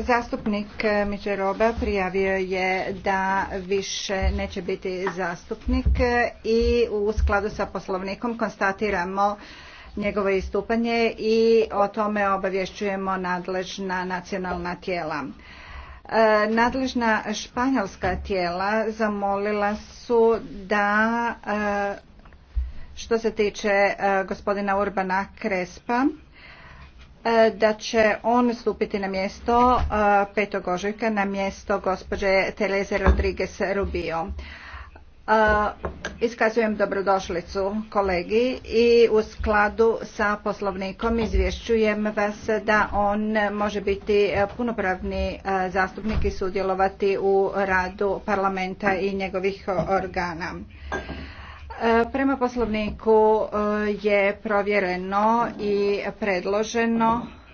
Zastupnik eh, Mičeroba prijavio je da više neće biti zastupnik eh, i u skladu sa poslovnikom konstatiramo njegovo istupanje i o tome obavješćujemo nadležna nacionalna tijela. Eh, nadležna španjolska tijela zamolila su da što se tiče gospodina Urbana Krespa E, da će on stupiti na mjesto 5. E, ožujka na mjesto gospođe Tereze Rodriguez Rubio. E, iskazujem dobrodošlicu kolegi i u skladu sa poslovnikom izvješćujem vas da on može biti punopravni zastupnik i sudjelovati u radu parlamenta i njegovih organa. E, prema poslovniku e, je provjereno i predloženo